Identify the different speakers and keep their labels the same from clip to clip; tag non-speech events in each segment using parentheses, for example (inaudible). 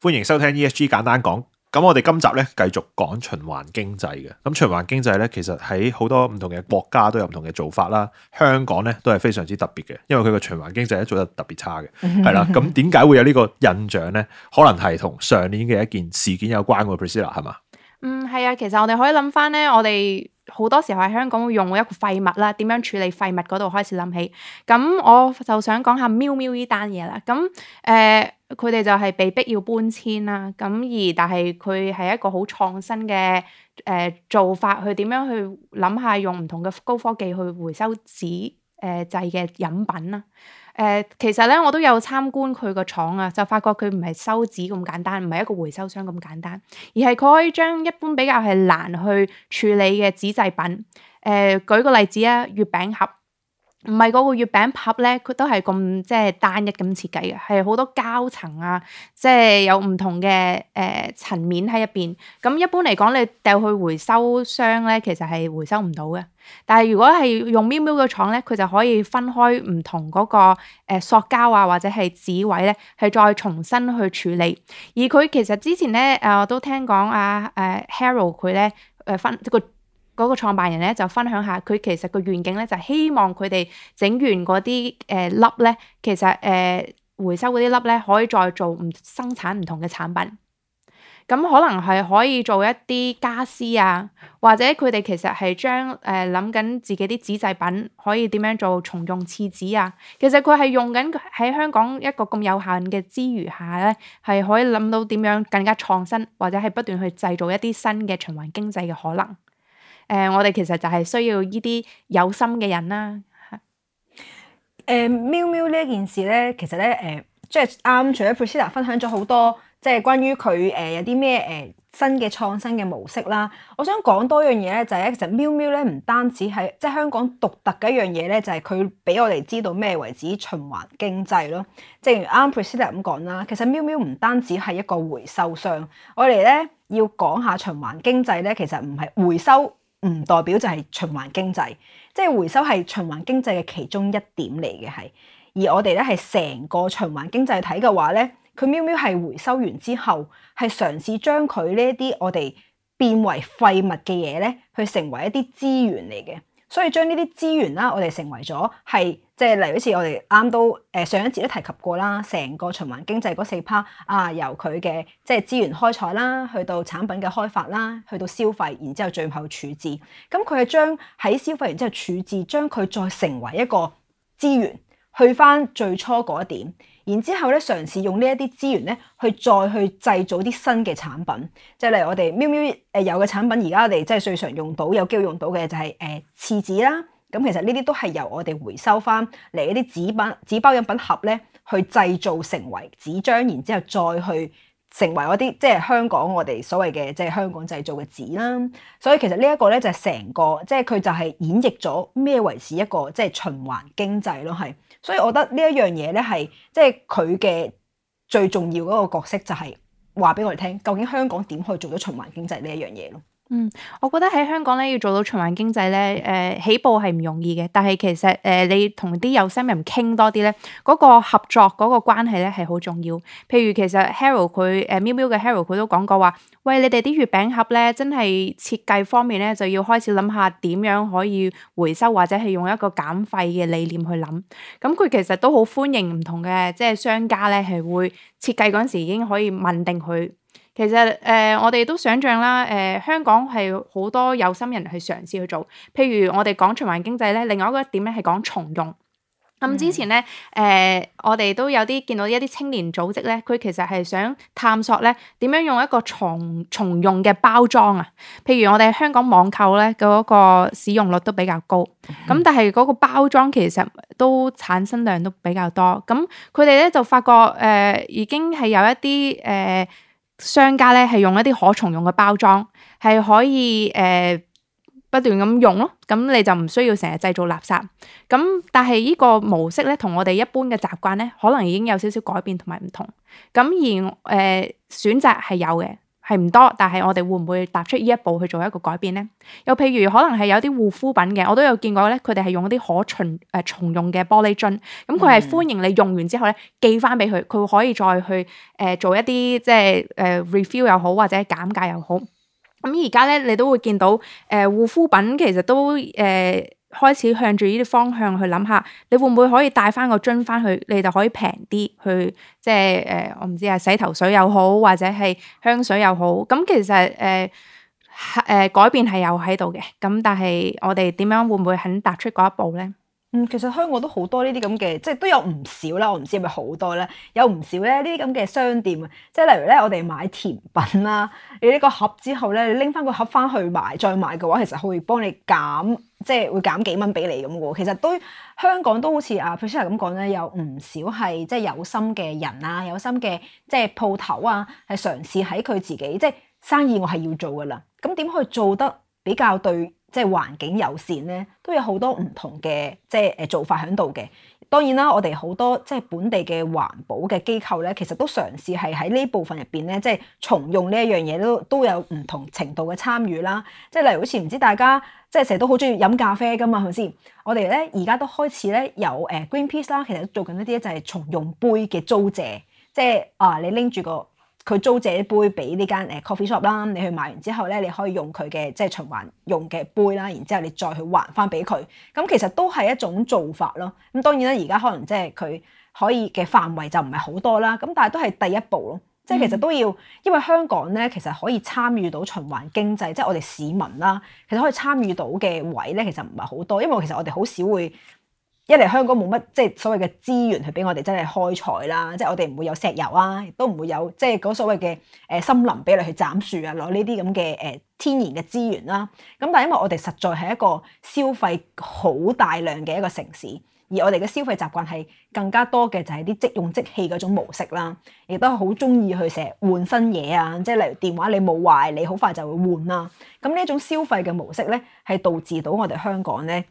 Speaker 1: 歡迎收聽 ESG 簡單講，咁我哋今集咧繼續講循環經濟嘅，咁循環經濟咧其實喺好多唔同嘅國家都有唔同嘅做法啦，香港咧都係非常之特別嘅，因為佢個循環經濟咧做得特別差嘅，係啦， (laughs) 咁點解會有呢個印象咧？可能係同上年嘅一件事件有關嘅，Priscilla 係嘛？ (laughs)
Speaker 2: 嗯，係啊，其實我哋可以諗翻咧，我哋好多時候喺香港會用一個廢物啦，點樣處理廢物嗰度開始諗起。咁我就想講下喵喵呢單嘢啦。咁誒、呃、佢哋就係被迫要搬遷啦。咁而但係佢係一個好創新嘅，誒、呃、做法，去點樣去諗下用唔同嘅高科技去回收紙誒、呃、製嘅飲品啦。呃誒、呃，其實咧，我都有參觀佢個廠啊，就發覺佢唔係收紙咁簡單，唔係一個回收箱咁簡單，而係佢可以將一般比較係難去處理嘅紙製品，誒、呃，舉個例子啊，月餅盒。唔係嗰個月餅盒咧，佢都係咁即係單一咁設計嘅，係好多膠層啊，即係有唔同嘅誒、呃、層面喺入邊。咁一般嚟講，你掉去回收箱咧，其實係回收唔到嘅。但係如果係用喵喵嘅廠咧，佢就可以分開唔同嗰個誒塑膠啊，或者係紙位咧，係再重新去處理。而佢其實之前咧，誒我都聽講啊，誒 Harold 佢咧誒分即個。嗰個創辦人咧就分享下，佢其實個願景咧就是、希望佢哋整完嗰啲誒粒咧，其實誒、呃、回收嗰啲粒咧可以再做唔生產唔同嘅產品。咁可能係可以做一啲家私啊，或者佢哋其實係將誒諗緊自己啲紙製品可以點樣做重用廁紙啊。其實佢係用緊喺香港一個咁有限嘅資源下咧，係可以諗到點樣更加創新，或者係不斷去製造一啲新嘅循環經濟嘅可能。誒，我哋其實就係需要呢啲有心嘅人啦。誒，喵喵呢一件事咧，其實咧，誒，即係啱。除咗 Priscilla 分享咗好多，
Speaker 3: 即係關於佢誒有啲咩誒新嘅創新嘅模式啦。我想講多樣嘢咧，就係咧，其實喵喵咧，唔單止係即係香港獨特嘅一樣嘢咧，就係佢俾我哋知道咩為止循環經濟咯。正如啱 Priscilla 咁講啦，其實喵喵唔單止係一個回收商，我哋咧要講下循環經濟咧，其實唔係回收。唔代表就係循環經濟，即係回收係循環經濟嘅其中一點嚟嘅係，而我哋咧係成個循環經濟體嘅話咧，佢喵喵係回收完之後，係嘗試將佢呢一啲我哋變為廢物嘅嘢咧，去成為一啲資源嚟嘅。所以將呢啲資源啦，我哋成為咗係即係，是是例如好似我哋啱都誒、呃、上一節都提及過啦，成個循環經濟嗰四 part 啊，由佢嘅即係資源開採啦，去到產品嘅開發啦，去到消費，然之後最後處置，咁佢係將喺消費完之後處置，將佢再成為一個資源，去返最初嗰一點。然之後咧，嘗試用呢一啲資源咧，去再去製造啲新嘅產品，即係例如我哋喵喵誒有嘅產品，而家我哋即係最常用到、有機會用到嘅就係誒廁紙啦。咁其實呢啲都係由我哋回收翻嚟一啲紙品、紙包飲品盒咧，去製造成為紙張，然之後再去。成為嗰啲即係香港我哋所謂嘅即係香港製造嘅紙啦，所以其實呢一個咧就係成個即係佢就係演繹咗咩為之一個即係循環經濟咯，係，所以我覺得呢一樣嘢咧係即係佢嘅最重要嗰個角色就係話俾我哋聽究竟香港點可以做到循環經濟呢一樣嘢咯。
Speaker 2: 嗯，我覺得喺香港咧要做到循環經濟咧，誒、呃、起步係唔容易嘅。但係其實誒、呃、你同啲有心人傾多啲咧，嗰、那個合作嗰、那個關係咧係好重要。譬如其實 Harold 佢誒喵喵嘅 Harold 佢都講過話，喂，你哋啲月餅盒咧，真係設計方面咧就要開始諗下點樣可以回收或者係用一個減廢嘅理念去諗。咁佢其實都好歡迎唔同嘅即係商家咧係會設計嗰陣時已經可以問定佢。其實誒、呃，我哋都想像啦，誒、呃、香港係好多有心人去嘗試去做。譬如我哋講循環經濟咧，另外一個一點咧係講重用。咁、嗯、之前咧，誒、呃、我哋都有啲見到一啲青年組織咧，佢其實係想探索咧點樣用一個重重用嘅包裝啊。譬如我哋香港網購咧嘅嗰個使用率都比較高，咁、嗯、哼但係嗰個包裝其實都產生量都比較多。咁佢哋咧就發覺誒、呃，已經係有一啲誒、呃商家咧係用一啲可重用嘅包裝，係可以誒、呃、不斷咁用咯，咁你就唔需要成日製造垃圾。咁但係呢個模式咧，同我哋一般嘅習慣咧，可能已經有少少改變同埋唔同。咁而誒、呃、選擇係有嘅。係唔多，但係我哋會唔會踏出呢一步去做一個改變咧？又譬如可能係有啲護膚品嘅，我都有見過咧，佢哋係用一啲可循誒、呃、重用嘅玻璃樽，咁佢係歡迎你用完之後咧寄翻俾佢，佢會可以再去誒、呃、做一啲即係誒 refill 又好，或者減價又好。咁而家咧，你都會見到誒護膚品其實都誒。呃開始向住呢啲方向去諗下，你會唔會可以帶翻個樽翻去，你就可以平啲去，即係誒、呃，我唔知啊，洗頭水又好，或者係香水又好，咁其實誒誒、呃、改變係有喺度嘅，咁但係我哋點樣會唔會肯踏出嗰一步咧？
Speaker 3: 嗯，其實香港都好多呢啲咁嘅，即係都有唔少啦。我唔知係咪好多咧？有唔少咧呢啲咁嘅商店啊。即係例如咧，我哋買甜品啦，你呢個盒之後咧，你拎翻個盒翻去買，再買嘅話，其實佢會幫你減，即係會減幾蚊俾你咁嘅。其實都香港都好似啊，佩超咁講咧，有唔少係即係有心嘅人啊，有心嘅即係鋪頭啊，係嘗試喺佢自己即係生意，我係要做噶啦。咁點可以做得比較對？即係環境友善咧，都有好多唔同嘅即係誒做法喺度嘅。當然啦，我哋好多即係本地嘅環保嘅機構咧，其實都嘗試係喺呢部分入邊咧，即係重用呢一樣嘢都都有唔同程度嘅參與啦。即係例如好似唔知大家即係成日都好中意飲咖啡㗎嘛，係咪先？我哋咧而家都開始咧有誒 Greenpeace 啦，其實做緊一啲就係重用杯嘅租借，即係啊你拎住個。佢租借杯俾呢間誒 coffee shop 啦，你去買完之後咧，你可以用佢嘅即係循環用嘅杯啦，然之後你再去還翻俾佢，咁其實都係一種做法咯。咁當然啦，而家可能即係佢可以嘅範圍就唔係好多啦，咁但係都係第一步咯。即係其實都要，因為香港咧其實可以參與到循環經濟，即係我哋市民啦，其實可以參與到嘅位咧，其實唔係好多，因為其實我哋好少會。一嚟香港冇乜即係所謂嘅資源去俾我哋真係開採啦，即係我哋唔會有石油啊，亦都唔會有即係嗰所謂嘅誒森林俾你去斬樹啊，攞呢啲咁嘅誒天然嘅資源啦、啊。咁但係因為我哋實在係一個消費好大量嘅一個城市，而我哋嘅消費習慣係更加多嘅就係啲即用即棄嗰種模式啦、啊，亦都好鍾意去成日換新嘢啊，即係例如電話你冇壞，你好快就會換啦、啊。咁呢一種消費嘅模式咧，係導致到我哋香港咧，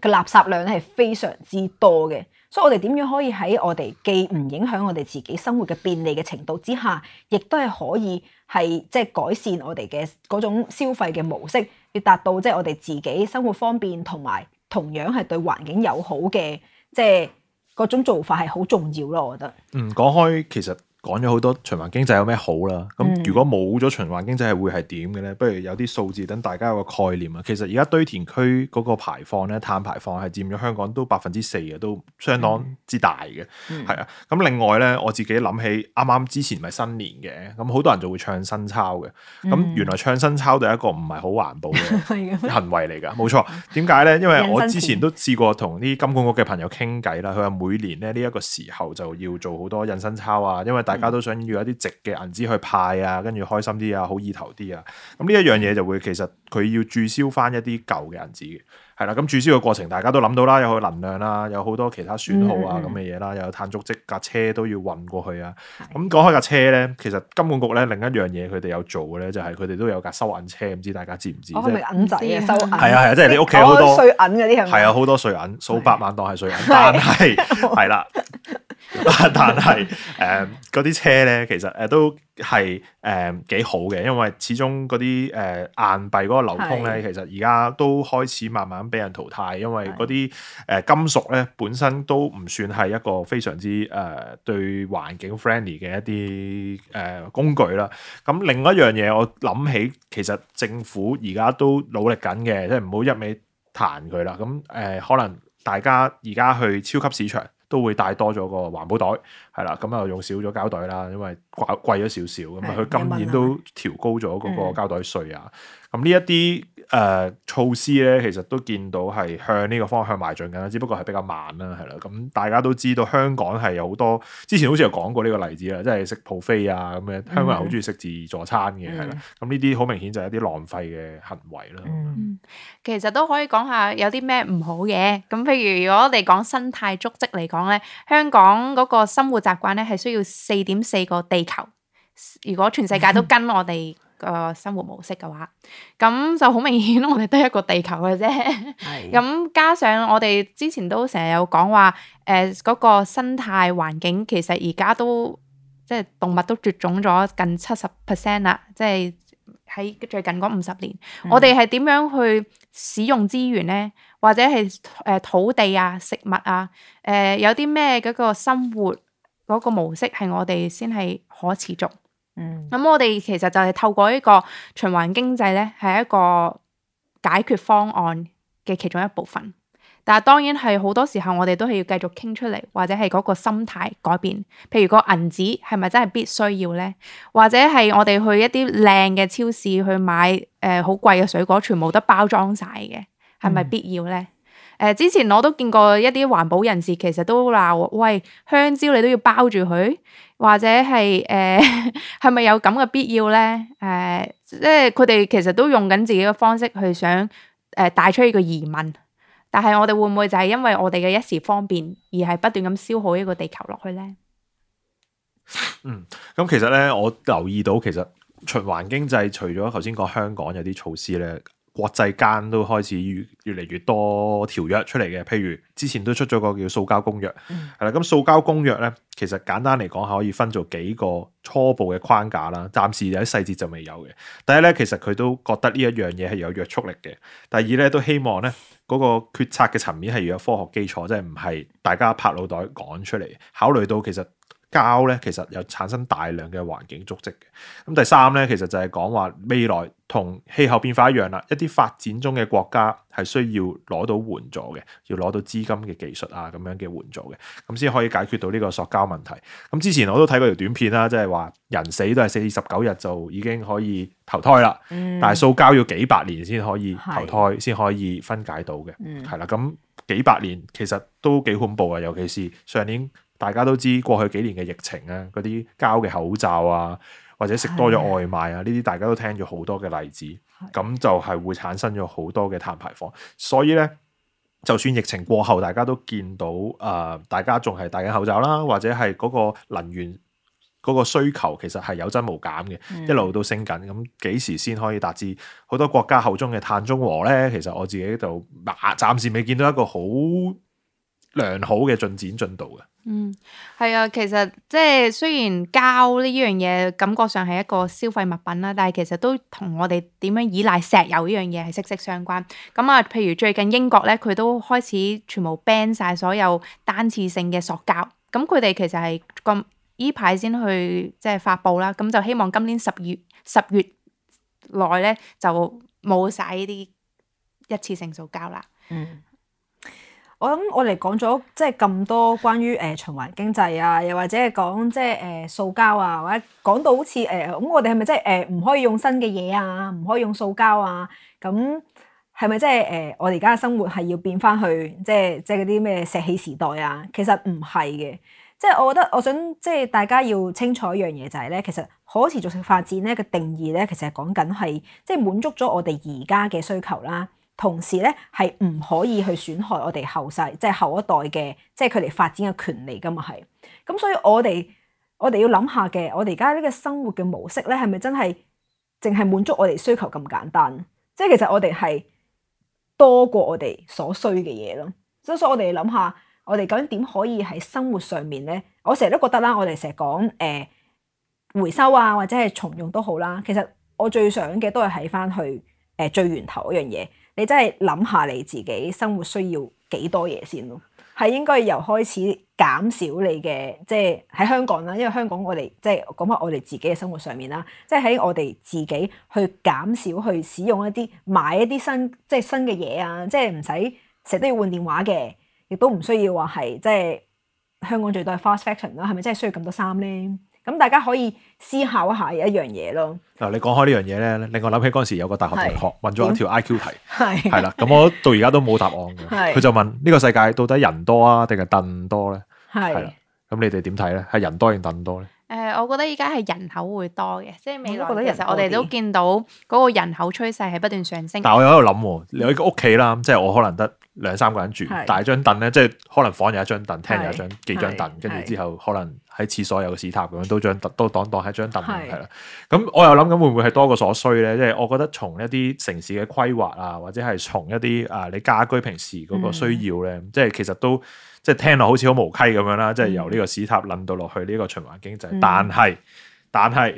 Speaker 3: 個垃圾量咧係非常之多嘅，所以我哋點樣可以喺我哋既唔影響我哋自己生活嘅便利嘅程度之下，亦都係可以係即係改善我哋嘅嗰種消費嘅模式，要達到即係我哋自己生活方便，同埋同樣係對環境友好嘅即係嗰種做法係好重要囉，我覺得。
Speaker 1: 嗯，講開其實。講咗好多循環經濟有咩好啦，咁如果冇咗循環經濟係會係點嘅咧？不如有啲數字等大家有個概念啊。其實而家堆填區嗰個排放咧，碳排放係佔咗香港都百分之四嘅，都相當之大嘅，係啊、嗯。咁另外咧，我自己諗起啱啱之前咪新年嘅，咁好多人就會唱新鈔嘅。
Speaker 2: 咁、嗯、原來
Speaker 1: 唱新鈔就係一個唔係好環保嘅行為嚟㗎，冇 (laughs) 錯。點解咧？因為我之前都試過同啲金管局嘅朋友傾偈啦，佢話每年咧呢一個時候就要做好多印新鈔啊，因為大家都想要一啲值嘅銀紙去派啊，跟住開心啲啊，好意頭啲啊，咁呢一樣嘢就會，其實佢要註銷翻一啲舊嘅銀紙嘅，係啦。咁註銷嘅過程大家都諗到啦，有個能量啦，有好多其他損耗啊咁嘅嘢啦，又、嗯、有碳足跡，架車都要運過去啊。咁講開架車咧，其實金管局咧另一樣嘢，佢哋有做嘅咧，就係佢哋都有架收銀車，唔知大家知唔知即係銀
Speaker 3: 仔啊？收銀係啊係啊，即係你屋企好多碎銀嗰啲係咪？
Speaker 1: 係啊，好多碎銀數百萬當係碎銀，但係係啦。 (laughs) (laughs) (laughs) 但係誒，嗰、呃、啲車咧，其實誒、呃、都係誒幾好嘅，因為始終嗰啲誒硬幣嗰個流通咧，其實而家都開始慢慢俾人淘汰，因為嗰啲誒金屬咧本身都唔算係一個非常之誒、呃、對環境 friendly 嘅一啲誒、呃、工具啦。咁另一樣嘢，我諗起其實政府而家都努力緊嘅，即係唔好一味彈佢啦。咁誒、呃，可能大家而家去超級市場。都會帶多咗個環保袋，係啦，咁、嗯、啊用少咗膠袋啦，因為貴貴咗少少，咁佢的今年都調高咗嗰個膠袋稅啊，咁呢一啲。嗯嗯嗯嗯誒、呃、措施咧，其實都見到係向呢個方向邁進緊啦，只不過係比較慢啦，係啦。咁大家都知道香港係有好多，之前好似有講過呢個例子啦，即係食 buffet 啊咁樣，香港人好中意食自助餐嘅，係啦、嗯。咁呢啲好明顯就係一啲浪費嘅行為啦。
Speaker 2: 其實都可以講下有啲咩唔好嘅。咁譬如如果我哋講生態足跡嚟講咧，香港嗰個生活習慣咧係需要四點四個地球。如果全世界都跟我哋，嗯個生活模式嘅話，咁就好明顯我哋都係一個地球嘅啫，咁 (laughs) 加上我哋之前都成日有講話，誒、呃、嗰、嗰個生態環境其實而家都即係動物都絕種咗近七十 percent 啦，即係喺最近嗰五十年，嗯、我哋係點樣去使用資源咧？或者係誒土地啊、食物啊、誒、呃、有啲咩嗰個生活嗰個模式係我哋先係可持續？嗯，咁我哋其實就係透過呢個循環經濟咧，係一個解決方案嘅其中一部分。但係當然係好多時候我哋都係要繼續傾出嚟，或者係嗰個心態改變。譬如個銀紙係咪真係必須要咧？或者係我哋去一啲靚嘅超市去買誒好貴嘅水果，全部都包裝晒嘅，係咪、嗯、必要咧？誒，之前我都見過一啲環保人士，其實都鬧喂，香蕉你都要包住佢，或者係誒，係、呃、係咪有咁嘅必要呢？呃，誒，即係佢哋其實都用緊自己嘅方式去想，誒、呃，帶出呢個疑問。但係我哋會唔會就係因為我哋嘅一時方便，而係不斷咁消耗一個地球落去呢？嗯，
Speaker 1: 咁、嗯、其實呢，我留意到，其實循環經濟除咗頭先講香港有啲措施呢。國際間都開始越嚟越多條約出嚟嘅，譬如之前都出咗個叫《塑膠公約》，嗯，係啦。咁《塑膠公約》咧，其實簡單嚟講係，可以分做幾個初步嘅框架啦。暫時有啲細節就未有嘅。第一咧，其實佢都覺得呢一樣嘢係有約束力嘅。第二咧，都希望咧嗰、那個決策嘅層面係要有科學基礎，即係唔係大家拍腦袋講出嚟。考慮到其實，膠咧，其實有產生大量嘅環境足跡嘅。咁第三咧，其實就係講話未來同氣候變化一樣啦，一啲發展中嘅國家係需要攞到援助嘅，要攞到資金嘅技術啊咁樣嘅援助嘅，咁先可以解決到呢個塑膠問題。咁之前我都睇過條短片啦，即係話人死都係四十九日就已經可以投胎啦，嗯、但係塑膠要幾百年先可以投胎，先的可以分解到嘅。係啦、嗯，咁幾百年其實都幾恐怖啊，尤其是上年。大家都知過去幾年嘅疫情啊，嗰啲膠嘅口罩啊，或者食多咗外賣啊，呢啲的大家都聽咗好多嘅例子，咁的就係會產生咗好多嘅碳排放。所以呢，就算疫情過後，大家都見到啊、呃，大家仲係戴緊口罩啦，或者係嗰個能源嗰、嗰個需求其實係有增無減嘅，的一路都升緊。咁幾時先可以達至好多國家口中嘅碳中和呢？其實我自己就暫時未見到一個好良好嘅進展進度嘅。
Speaker 2: 嗯，係啊，其實即係雖然膠呢樣嘢，感覺上係一個消費物品啦，但係其實都同我哋點樣依賴石油呢樣嘢係息息相關。咁啊，譬如最近英國咧，佢都開始全部 ban 晒所有單次性嘅塑膠。咁佢哋其實係今呢排先去即係發佈啦，咁就希望今年十月十月內咧，就冇晒呢啲一次性塑膠啦。嗯。我諗我哋講咗即係咁
Speaker 3: 多關於誒、呃、循環經濟啊，又或者係講即係誒塑膠啊，或者講到好似誒咁，呃、我哋係咪即係誒唔可以用新嘅嘢啊，唔可以用塑膠啊？咁係咪即係誒我哋而家嘅生活係要變返去即係即係嗰啲咩石器時代啊？其實唔係嘅，即係我覺得我想即係大家要清楚一樣嘢就係、是、咧，其實可持續性發展咧個定義咧，其實係講緊係即係滿足咗我哋而家嘅需求啦。同時咧，係唔可以去損害我哋後世，即係後一代嘅，即係佢哋發展嘅權利㗎嘛。係。咁所以我哋我哋要諗下嘅，我哋而家呢個生活嘅模式咧，係咪真係淨係滿足我哋需求咁簡單？即係其實我哋係多過我哋所需嘅嘢咯。所所以，我哋諗下，我哋究竟點可以喺生活上面咧？我成日都覺得啦，我哋成日講誒回收啊，或者係重用都好啦。其實我最想嘅都係喺翻去誒最源頭一樣嘢。你真係諗下你自己生活需要幾多嘢先咯？係應該由開始減少你嘅，即係喺香港啦。因為香港我哋即係講翻我哋自己嘅生活上面啦，即係喺我哋自己去減少去使用一啲買一啲新即係新嘅嘢啊。即係唔使成日都要換電話嘅，亦都唔需要話係即係香港最多係 fast fashion 啦，係咪真係需要咁多衫咧？咁大家可以思考一下一樣嘢咯。
Speaker 1: 嗱，你講開呢樣嘢咧，令我諗起嗰陣時有個大學同學問咗我條 IQ 題，
Speaker 2: 係啦，
Speaker 1: 咁我到而家都冇答案嘅。佢就問：呢個世界到底人多啊，定係凳多咧？係啦，咁你哋點睇咧？係人多定凳多咧？
Speaker 2: 誒，我覺得依家係人口會多嘅，即係你都覺得其實我哋都見到嗰個人口趨勢係不斷上升。但我有喺
Speaker 1: 度諗，你喺屋企啦，即係我可能得兩三個人住，但係張凳咧，即係可能房有一張凳，廳有一張幾張凳，跟住之後可能。喺廁所有個屎塔咁樣都，都張凳都當當係張凳係啦，咁的我又諗緊會唔會係多過所需咧？即、就、係、是、我覺得從一啲城市嘅規劃啊，或者係從一啲啊你家居平時嗰個需要咧，嗯、即係其實都即係聽落好似好無稽咁樣啦。即係、嗯、由呢個屎塔輪到落去呢個循環經濟，嗯、但係但係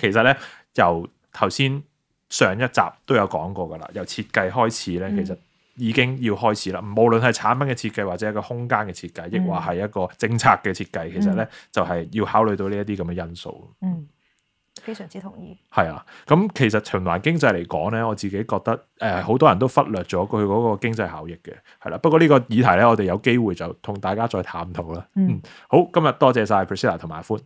Speaker 1: 其實咧，由頭先上一集都有講過噶啦，由設計開始咧，其實、嗯。已經要開始啦！無論係產品嘅設計，或者一個空間嘅設計，亦或係一個政策嘅設計，嗯、其實咧就係、係、要考慮到呢一啲咁嘅因素。嗯，
Speaker 3: 非常之同意。
Speaker 1: 係啊，咁其實循環經濟嚟講咧，我自己覺得誒好、呃、多人都忽略咗佢嗰個經濟效益嘅，係啦、啊。不過呢個議題咧，我哋有機會就同大家再探討啦。嗯，嗯，好，今日多謝晒 Priscilla 同埋阿寬。